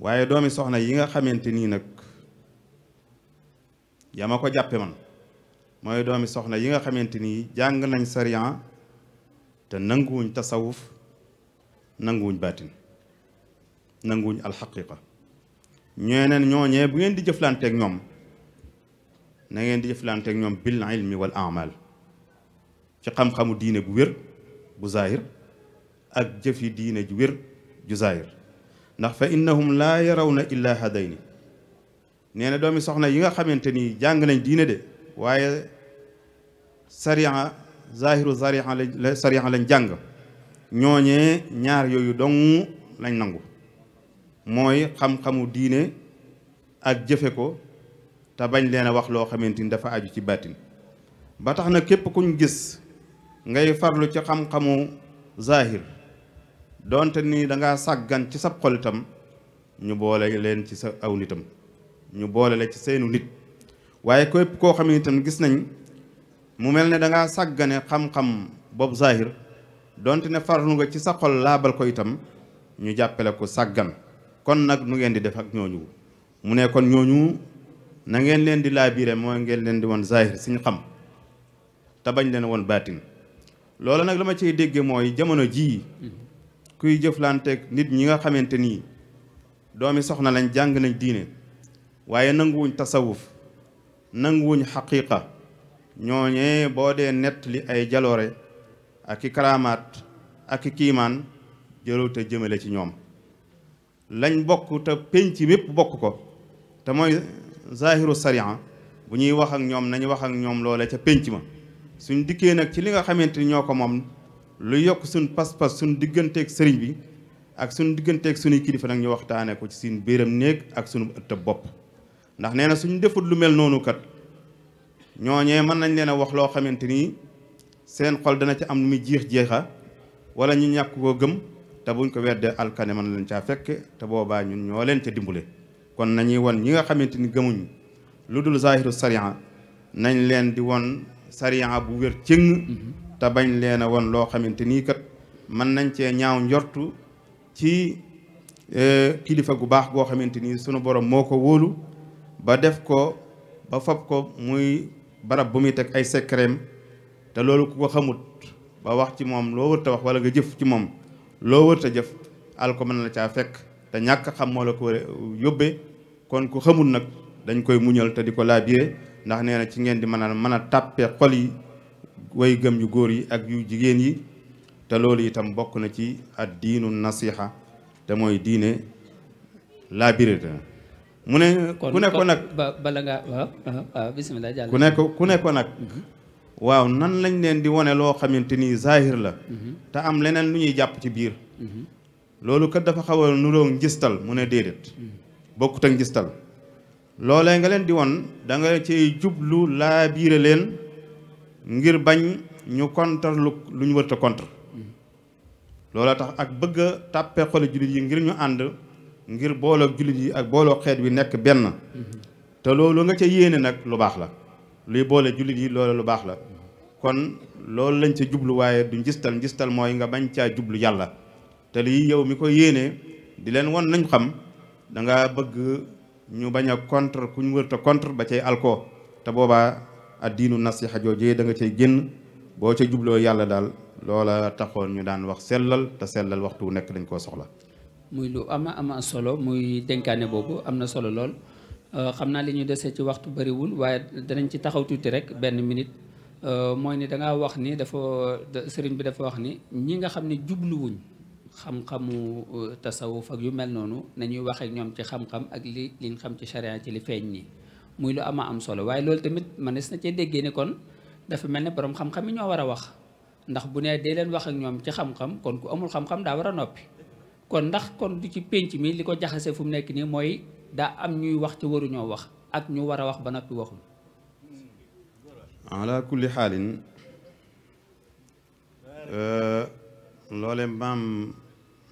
waaye doomi soxna yi nga xamante nii nag yaa ko jàppe man mooy doomi soxna yi nga xamante nii jàng nañ sariyan te nanguwuñ tasawuf nanguwuñ baatin nanguwuñ alxaqiqa ñeneen ñooñee bu ngeen di jëflanteeg ñoom na ngeen di jëflanteeg ñoom bil ilmi wal amal ci xam-xamu diine bu wér bu zaahir ak jëfi diine ju wér ju zaahir ndax fa innahum laa yarawna illa hadayni nee na doomi soxna yi nga xamante ni jàng lañ diine de waaye sariya zaahiru sariya lañ lañ jàng ñooñee ñaar yooyu dong lañ nangu mooy xam-xamu diine ak jëfe ko te bañ leen a wax loo xamante ni dafa aju ci baatin ba tax na képp kuñ gis ngay farlu ci xam-xamu zahir donte ni danga sàggan ci sab xol itam ñu boole leen ci sa aw nitam ñu boole la ci seenu nit waaye képp koo xam ne gis nañ mu mel ne danga sàggane xam-xam boobu zahir dont ne farlu nga ci sa xol laabal ko itam ñu jàppale ko sàggan kon nag nu ngeen di def ak ñooñu mu ne kon ñooñu na ngeen leen di laabire mooy ngeen leen di woon zahir suñ xam te bañ leen woon baatin loolu nag la ma cey dégge mooy jamono jii kuy jëflanteek nit ñi nga xamante nii doomi soxna lañ jàng nañ diine waaye nanguwuñ tasawuf nanguwuñ xaqiqa ñooñee boo dee nett li ay jaloore ak ki karaamaat ak kiimaan jërul te jëmale ci ñoom lañ bokk te penc mépp bokk ko te mooy zahiru sariya bu ñuy wax ak ñoom nañu wax ak ñoom loole ca penc ma suñ dikkee nag ci li nga xamante ni ñoo ko moom lu yokk suñ pas-pas suñ digganteeg sëriñ bi ak suñ digganteeg suñuy kilifa nag ñu waxtaane ko ci seen biiram néeg ak suñu ëttab bopp suñ defut lu mel noonu kat ñooñee mën nañ leen a wax loo xamante ni seen xol dana ci am nu muy jiix jeexa wala ñu ñàkk koo gëm te buñ ko weddee alkane mën lañ caa fekk te boobaa ñun ñoo leen ca dimbale kon nañuy won ñi nga xamante ni gëmuñ lu dul zaahiru sariya nañ leen di won sariya bu wér cëng mm-hmm. te bañ leen a won loo xamante nii kat mën nañ cee ñaaw njortu ci e, kilifa gu baax goo xamante ni sunu borom moo ko wóolu ba def ko ba fab ko muy barab bu muy teg ay secret te loolu ku ko xamut ba wax ci moom loo wërta wax wala jëf ci moom loo wërta jëf al ko la caa fekk te ñàkk xam moo la ko yóbbee kon ko xamut nag dañ koy muñal te di ko laabire ndax nee na ci ngeen di mën a mën a tàppe xol yi way gëm yu góor yi ak yu jigéen yi te loolu itam bokk na ci ad diinu nasixa te mooy diine laabire mu ne ku ne nag ku ne ko nag waaw nan lañ leen di wane loo xamante ni zahir la mhm. te am leneen lu ñuy jàpp ci biir mhm. loolu kat dafa xaw a nuroo ngistal mu ne déedéet mhm. bokkut ak ngistal loolee nga leen di won da nga ciy jublu laa biire leen ngir bañ ñu contre lu lu ñu loola tax ak bëgg a tàppe xole jullit yi ngir ñu ànd ngir booloo jullit yi ak booloo xeet wi nekk benn te loolu nga ca yéene nag lu baax la luy boole jullit yi loolu lu baax la kon loolu lañ ca jublu waaye du njistal njistal mooy nga bañ caa jublu yàlla te lii yow mi ko yéenee di leen won nañ xam da nga bëgg ñu bañ a contre ku ñu wërta contre ba cay alko te boobaa ad diinu nasiha joojee da nga cay génn boo ca jubloo yàlla daal loola taxoon ñu daan wax sellal te sellal waxtu nekk dañ koo soxla muy lu ama ama solo muy dénkaane boobu am na solo lool Euh, xam naa li ñu desee ci waxtu bariwul waaye danañ ci taxaw tuuti rek benn minute euh, mooy ni danga wax ni dafa sëriñ bi dafa wax ni ñi nga xam ne jubluwuñ xam-xamu euh, tasawuf ak yu mel noonu nañuy waxee ñoom ci xam-xam ak li liñ xam ci charia ci li feeñ nii muy lu ama am solo waaye loolu tamit mënees na cee déggee ni kon dafa mel ne borom xam-xam ñoo war a wax ndax bu nee dee leen wax ak ñoom ci xam-xam kon ku amul xam-xam daa war a noppi kon ndax mu nekk nii mooy daa am ñuy wax ci waruñoo wax ak ñu war a wax ba noppi waxul ala kulli xaalin euh, loole maam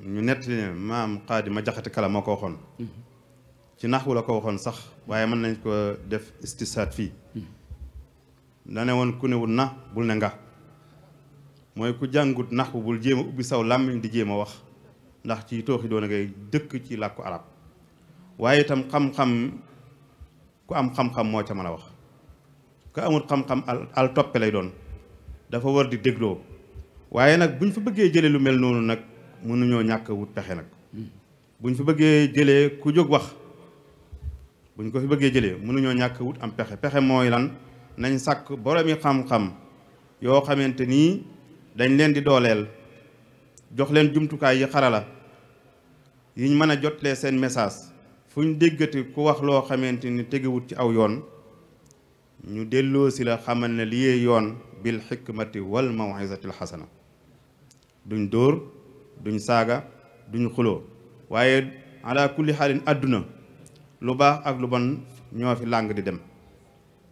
ñu nettali ne maam xaadi ma jaxati kala ko waxoon ci naxwu la ko waxoon sax waaye mën nañ ko def istisaat fii dane woon ku newul na bul ne nga mooy ku jàngut naxwu bul jéem ubbi saw làmmiñ di jéem a wax ndax ci tooxi doon ngay dëkk ci làkku arab waaye itam xam-xam ku am xam-xam moo ca mën a wax ku amul xam-xam al toppe lay doon dafa war di dégloo waaye nag buñ fa bëggee jëlee lu mel noonu nag mënuñoo ñàkk wut pexe nag buñ fa bëggee jëlee ku jóg wax buñ ko fi bëggee jëlee mënuñoo ñàkk wut am pexe pexe mooy lan nañ sàkk boromi xam-xam yoo xamante nii dañ leen di dooleel jox leen jumtukaay yi xarala yiñ mën a jotle seen message fu ñu déggati ku wax loo xamante ni tegewut ci aw yoon ñu delloo si la xamal ne liyee yoon bil xikmati wal mawisatil xasana duñ dóor duñ saaga duñ xuloo waaye ala kulli xaalin àdduna lu baax ak lu bon ñoo fi làng di dem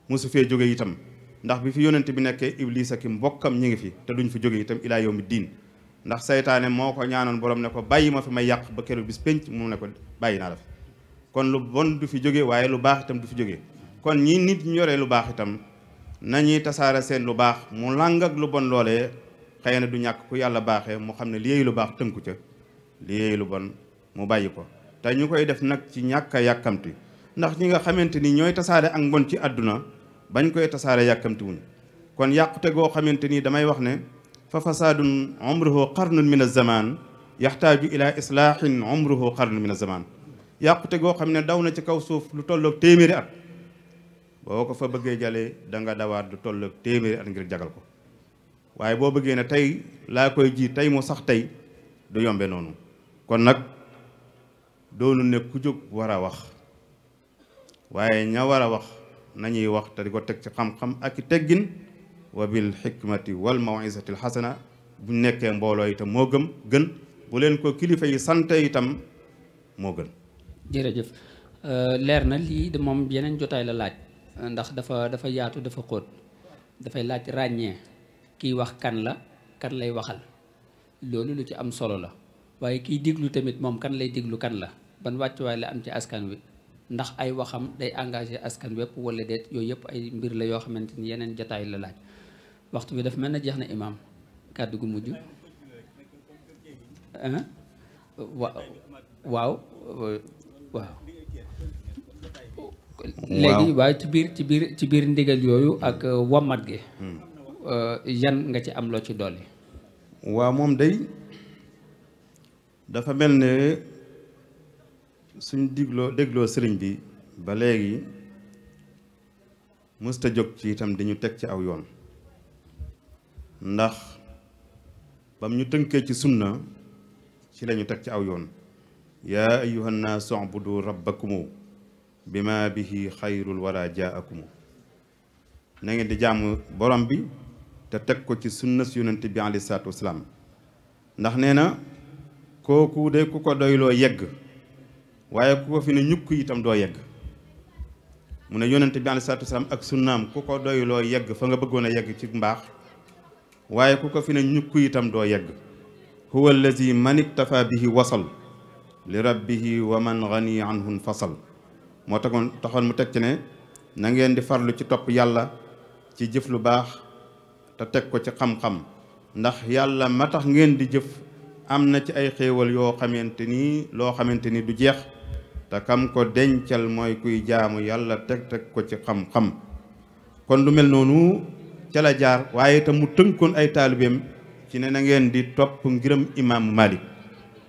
mosu fee jóge itam ndax bi fi yónnent bi nekkee iblis ak mbokkam ñi ngi fi te duñ fi jóge itam ilaa yawmi diin ndax saytaane moo ko ñaanoon borom ne ko bàyyi ma fi may yàq ba keroog bis pénc mu ne ko bàyyi naa la fi kon lu bon du fi jóge waaye lu baax itam du fi jóge kon ñii nit ñu yore lu baax itam nañuy tasaare seen lu baax mu làng ak lu bon loolee xëy na du ñàkk ku yàlla baaxee mu xam ne liy lu baax tënku ca liy lu bon mu bàyyi ko te ñu koy def nag ci ñàkk yàkkamti ndax ñi nga xamante ni ñooy tasaare ak mbon ci àdduna bañ koy tasaare yàkkamti wuñ kon yàqute goo xamante ni damay wax ne fa fasaadun umruhu qarnun min az-zaman yaxtaaju ila islaahin umruhu qarnun min az-zaman yàqute goo xam ne daw na ci kaw suuf lu tolloog téeméeri at boo ko fa bëggee jale da nga dawaat lu tolloog téeméeri at ngir jagal ko waaye boo bëggee na tey laa koy ji tey mu sax tey du yombe noonu kon nag doonu ne ku jóg war a wax waaye ña war a wax nañuy wax te di ko teg ci xam-xam ak i teggin wa bil xikmati wal mawisati alxasana buñ nekkee mbooloo itam moo gëm gën bu leen ko kilifa yi sante itam moo gën jërëjëf euh, leer na lii de moom yeneen jotaay la laaj ndax dafa dafa yaatu dafa xóot dafay laaj ràññee kiy wax kan la kan lay waxal loolu lu ci am solo la waaye kiy diglu tamit moom kan lay diglu kan la ban wàccuwaay la am ci askan wi ndax ay waxam day engagé askan wépp walla déet yooyu yëpp ay mbir la yoo xamante ni yeneen jotaay la laaj waxtu bi dafa mel na jeex na imaam kàddu gu mujj waaw waaw léegi waaye ci biir ci biir ci biir ndigal yooyu ak uh, wammat gi hmm. uh, yan nga ci am loo ci dolli waaw moom day dafa mel ne suñ digloo dégloo sëriñ bi ba léegi mësta jóg ci itam di ñu teg ci aw yoon ndax bam ñu tënkee ci sunna ci lañu teg ci aw yoon yaa ayyuha nnaasu ubudu rabbakumu bima bihi xayrul wara jaakumu na ngeen di jaamu borom bi te teg ko ci sunnas yonent bi alayhi salaatu wasalaam ndax nee na kooku de ku ko doyloo yegg waaye ku ko fi ne ñukk itam doo yegg mu ne yonent bi alayhi salaatu wasalaam ak sunnaam ku ko doyloo yegg fa nga bëggoon a yegg ci mbaax waaye ko fi ne doo yegg huwa allazi bihi wasal li rabbihi wa man gani fasal moo taxoon taxoon mu teg ci ne nangeen di farlu ci topp yàlla ci jëf lu baax te teg ko ci xam-xam ndax yàlla ma tax ngeen di jëf am na ci ay xéewal yoo xamante ni loo xamante ni du jeex te kam ko dencal mooy kuy jaamu yàlla teg teg ko ci xam-xam kon lu mel noonu ca la jaar waaye te mu tënkoon ay taalibeem ci ne na ngeen di topp ngiram imaamu Malik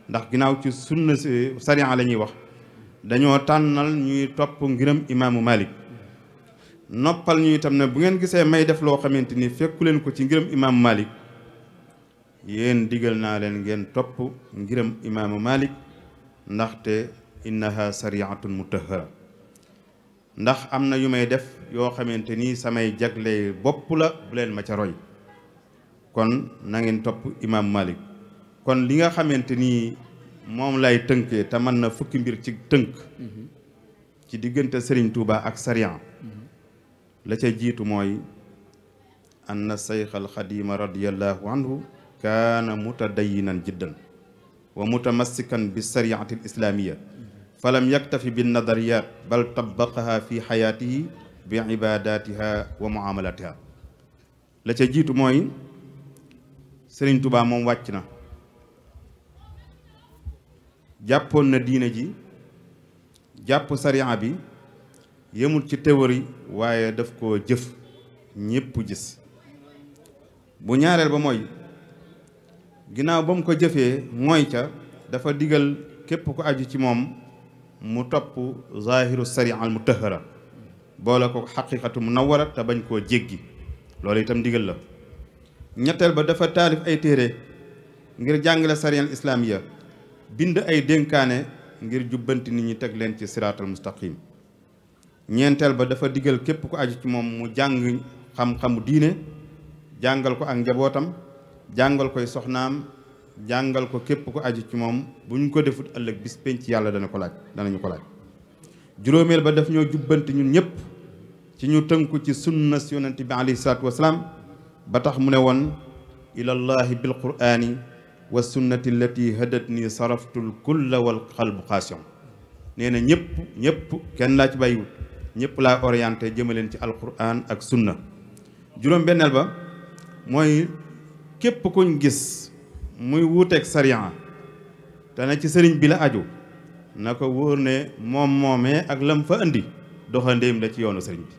ndax ginnaaw ci sunna sariya la ñuy wax dañoo tànnal ñuy topp ngiram imaamu Malik noppal ñu itam ne bu ngeen gisee may def loo xamante ni fekku leen ko ci ngiram imaamu Malik yéen digal naa leen ngeen topp ngiram imaamu Malik ndaxte innaha sariyatun mutahara ndax am na yu may def yoo xamante ni samay jagle bopp la bu leen ma kon na ngeen topp imaamu Malik kon li nga xamante ni moom lay tënkee te na fukki mbir ci tënk ci diggante Serigne Touba ak Sariyan la ca jiitu mooy a sayx alxadima radiallahu anhu kaana mutadayinan jiddan wa mutamassikan bi sariati al islaamia fa lam yaktafi bi nadariyat bal tabaqaha fi xayaatihi bi ibadatiha wa muamalatiha la ca jiitu mooy Serigne Touba moom wàcc na jàppoon na diine ji jàpp sariya bi yemul ci théorie waaye daf ko jëf ñépp gis bu ñaareel ba mooy ginnaaw ba mu ko jëfee mooy ca dafa digal képp ku aju ci moom mu topp zahiru sariya al mutahara boole ko mu xaqiqatu munawara te bañ koo jéggi loolu itam digal la ñetteel ba dafa taalif ay téere ngir jàngale sariya al islaamiya bind ay dénkaane ngir jubbanti nit ñi teg leen ci siraatal mustaqim ñeenteel ba dafa digal képp ko aju ci moom mu jàng xam-xamu diine jàngal ko ak njabootam jàngal koy soxnaam jàngal ko képp ku aju ci moom bu ñu ko defut ëllëg bis penc yàlla dana ko laaj danañu ko laaj juróomeel ba daf ñoo jubbanti ñun ñëpp ci ñu tënku ci sunna si yonente bi alayhi salaatu wasalaam ba tax mu ne woon ilallahi bil quraani wa sunnati allati hadat nii saraftul kulla wal xalbu xaasion nee na ñëpp ñëpp kenn laa ci bàyyiwut ñëpp laa orienté jëmaleen ci alquran ak sunna juróom benneel ba mooy képp kuñ gis muy wuuteeg sariya te na ci sëriñ bi la aju na ko wóor ne moom moomee ak lam fa indi doxandéem la ci yoonu sëriñ bi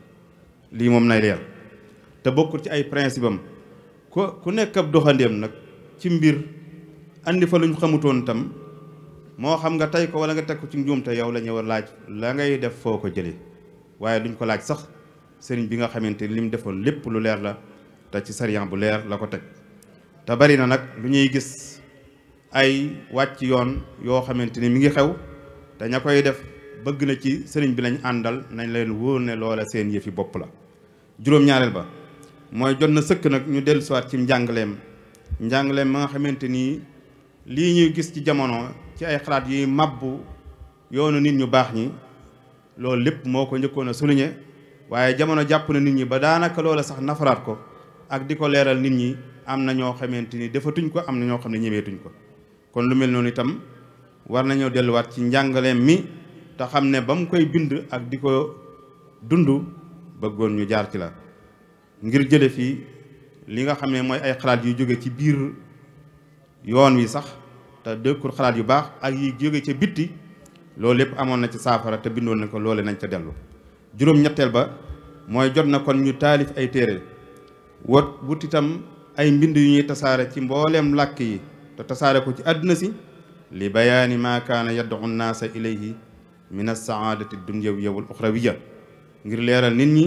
lii moom nay leer te bokkul ci ay principe am ku ku nekk ab doxandéem nag ci mbir andi fa lu ñu xamutoon tam moo xam nga tey ko wala nga teg ko ci njuumte yow la ñëw laaj la ngay def foo ko jëlee waaye duñ ko laaj sax sëriñ bi nga xamante ni li mu defoon lépp lu leer la te ci sariyan bu leer la ko teg te bari na nag lu ñuy gis ay wàcc yoon yoo xamante ni mi ngi xew te ña koy def bëgg na ci sëriñ bi lañ àndal nañ leen wóor ne loola seen yëfi bopp la juróom-ñaareel ba mooy jot na sëkk nag ñu dellusiwaat ci njàngaleem njàngaleem ma nga xamante nii lii ñuy gis ci jamono ci ay xalaat yuy mabbu yoonu nit ñu baax ñi loolu lépp moo ko njëkkoon a souligné waaye jamono jàpp na nit ñi ba daanaka loole sax nafaraat ko ak di ko leeral nit ñi am na ñoo xamante ni defatuñ ko am na ñoo xam ne ñemeetuñ ko kon lu mel noonu itam war nañoo delluwaat ci njàngaleem mi te xam ne ba mu koy bind ak di ko dund bëggoon ñu jaar ci la ngir jële fii li nga xam ne mooy ay xalaat yu jóge ci biir yoon wi sax te dëkkul xalaat yu baax ak yi jóge ca bitti loolu lépp amoon na ci saafara te bindoon na ko loole nañ ca dellu juróom-ñetteel ba mooy jot na kon ñu taalif ay téere wut itam ay mbind yu ñuy tasaare ci mbooleem làkk yi te tasaare ko ci àdduna si li bayaani maa kaana yaddu naasa ilayhi min as-saadati dunyawiyya wal uxrawiyya ngir leeral nit ñi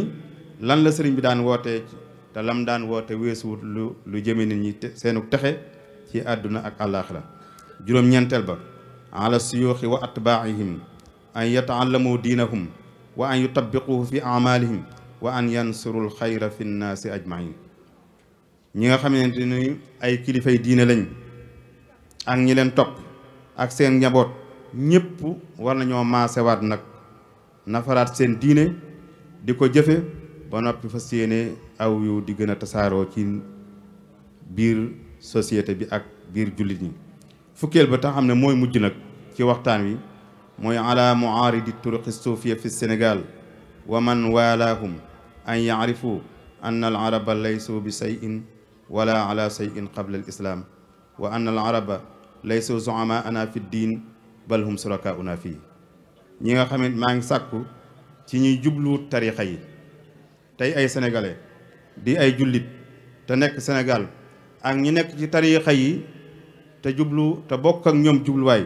lan la sëriñ bi daan wootee te lam daan woote weesuwut lu lu jëme nit ñi seenu texe ci àdduna ak àllaaxira juróom-ñeenteel ba ala siyuuxi wa atbaa'ihim an yataallamu diinahum wa an yutabiquhu fi amaalihim wa an yansurul ñi nga xamante ay kilifay diine lañ ak ñi leen topp ak seen njaboot ñépp war nañoo maasewaat nag nafaraat seen diine di ko jëfe ba noppi fas yéene aw di gën a tasaaroo ci biir société bi ak biir jullit ñi fukkeel ba taxam ne mooy mujj nag ci waxtaan wi mooy ala muaaridi turuqi wa man waalahum an yaarifu al araba laysu bi sayin wala ala sayin qabla al islam wa an al araba laysu zuamaana fi diin bal hum surakauna fii ñi nga xamit maa ngi sàkku ci ñuy jublu tarixa yi tey ay sénégalais di ay jullit te nekk senegal ak ñi nekk ci tariixa yi te jublu te bokk ak ñoom jubluwaay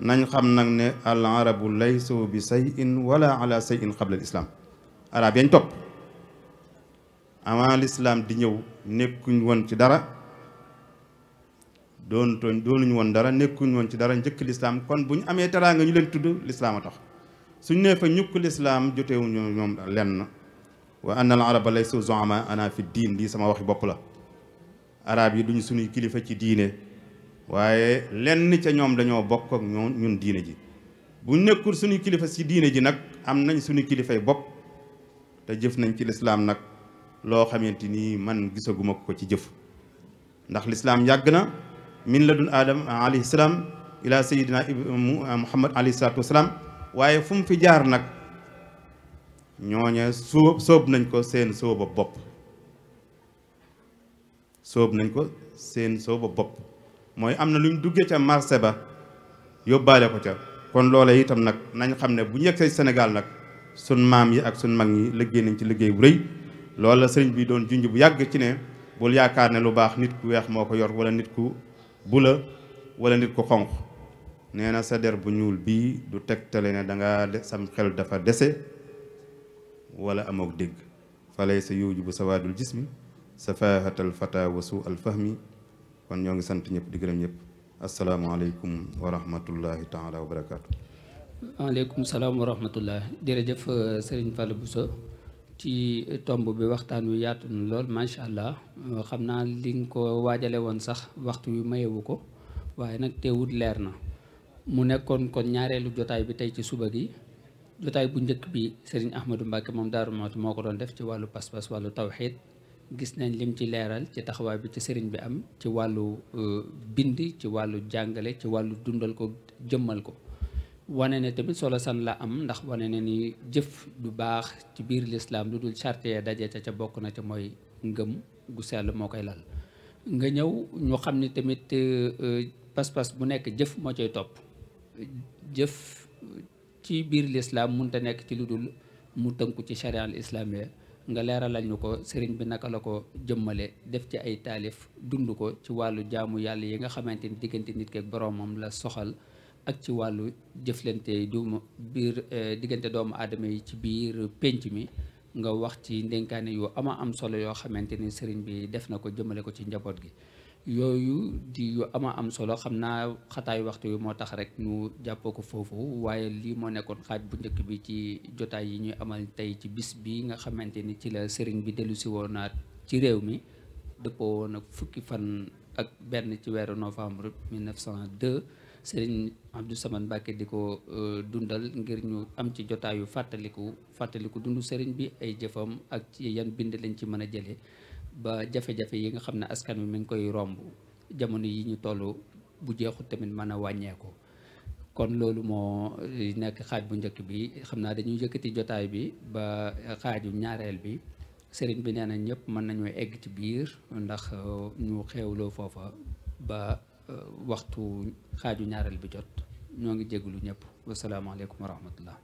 nañ xam nag ne al arabu laysu bi sayin wala ala sayin qabla al islam arab yañ topp avant l'islam di ñëw nekkuñ woon ci dara doon tooñ doonuñ woon dara nekkuñ woon ci dara njëkk lislaam kon bu ñu amee teraanga ñu leen tudd lislaam a tax suñ nee fa ñukk lislaam jotewuñu ñoom lenn wa anna al araba laysu zoama ana fi diin lii sama waxi bopp la arab yi duñ suñuy kilifa ci diine waaye lenn ca ñoom dañoo bokk ak ñoo ñun diine ji bu nekkul suñuy kilifa ci diine ji nag am nañ suñu kilifay bopp te jëf nañ ci lislaam nag loo xamante ni man gisaguma ko ci jëf ndax lislaam yàgg na min la dun aadam alayhi salaam ila sayidina muhammad alayhi salaatu waaye fum mu fi jaar nag ñooñe sóob sóob nañ ko seen sóoba bopp sóob nañ ko seen sóoba bopp mooy am na lu ñu ca marché ba yóbbaale ko ca kon loole itam nag nañ xam ne bu ñu yegsee Sénégal nag sun maam yi ak sun mag ñi liggéey nañ ci liggéey bu rëy loola sëriñ bi doon junj bu yàgg ci ne bul yaakaar ne lu baax nit ku weex moo ko yor wala nit ku bula walla nit ku xonq nee na sa der bu ñuul bii du tegtale ne danga sam xel dafa dese walla amook dégg falay sa yuuju bu sawaadul gis mi safahatal fata wasu alfahmi kon ñoo ngi sant ñëpp di gërëm ñëpp asalaamaaleykum wa rahmatullahi taala wa barakaatu waaleykum salaam wa rahmatullah jërëjëf euh, Serigne Fallou Bousso ci tomb bi waxtaan wi yaatu lool macha euh, xam naa li ko waajale woon sax waxtu wi mayewu ko waaye nag teewut leer na mu nekkoon kon ñaareelu jotaay bi tey ci suba gi jotaay bu njëkk bi Serigne Ahmadou Mbacke moom Daaru Mouhty moo ko doon def ci wàllu pas-pas wàllu tawxiid gis nañ lim ci leeral ci taxawaay bi ci sëriñ bi am ci wàllu euh, bind ci wàllu jàngale ci wàllu dundal ko jëmmal ko wane na tamit solo san la am ndax wane na ni jëf du baax ci biir lislaam lu dul charte ya daje ca ca bokk na ca mooy ngëm gu sell moo koy lal nga ñëw ñu xam ni tamit euh, euh, pas-pas bu nekk jëf moo cay topp jëf ci biir lislaam munta nekk ci lu dul mu tënku ci charia islaam islaamiya nga leeralal ñu ko sëriñ bi naka la ko jëmmale def ci ay taalif dund ko ci wàllu jaamu yàlla yi nga xamante ni diggante nit keek boroomam la soxal ak ci wàllu jëflante du biir eh, diggante doomu aadama yi ci biir pénc mi nga wax ci ndénkaane yu ama am solo yoo xamante ni sëriñ bi def na ko jëmmale ko ci njaboot gi yooyu di yu ama am solo xam naa xataay waxtu wi moo tax rek ñu jàppoo ko foofu waaye lii moo nekkoon xaaj bu njëkk bi ci jotaay yi ñuy amal tey ci bis bi nga xamante ni ci la sëriñ bi dellu si woonaat ci réew mi dëppoo woon fukki fan ak benn ci weeru novembre 1902 sëriñ Abdou Samane Mbacké di ko euh, dundal ngir ñu am ci jotaayu fàttaliku fàttaliku dundu sëriñ bi ay jëfam ak ci yan bind lañ ci mën a jëlee ba jafe-jafe yi nga xam ne askan bi mi ngi koy romb jamono yi ñu toll bu jeexut tamit mën a wàññeeku kon loolu moo eh, nekk xaaj bu njëkk bi xam naa dañuy yëkkati jotaay bi ba xaaju ñaareel bi sëriñ bi nee na ñëpp mën nañu egg ci biir ndax eh, ñu xeewloo foofa ba eh, waxtu xaaju ñaareel bi jot ñoo ngi jégalu ñëpp wasalaamaaleykum wa rahmatullah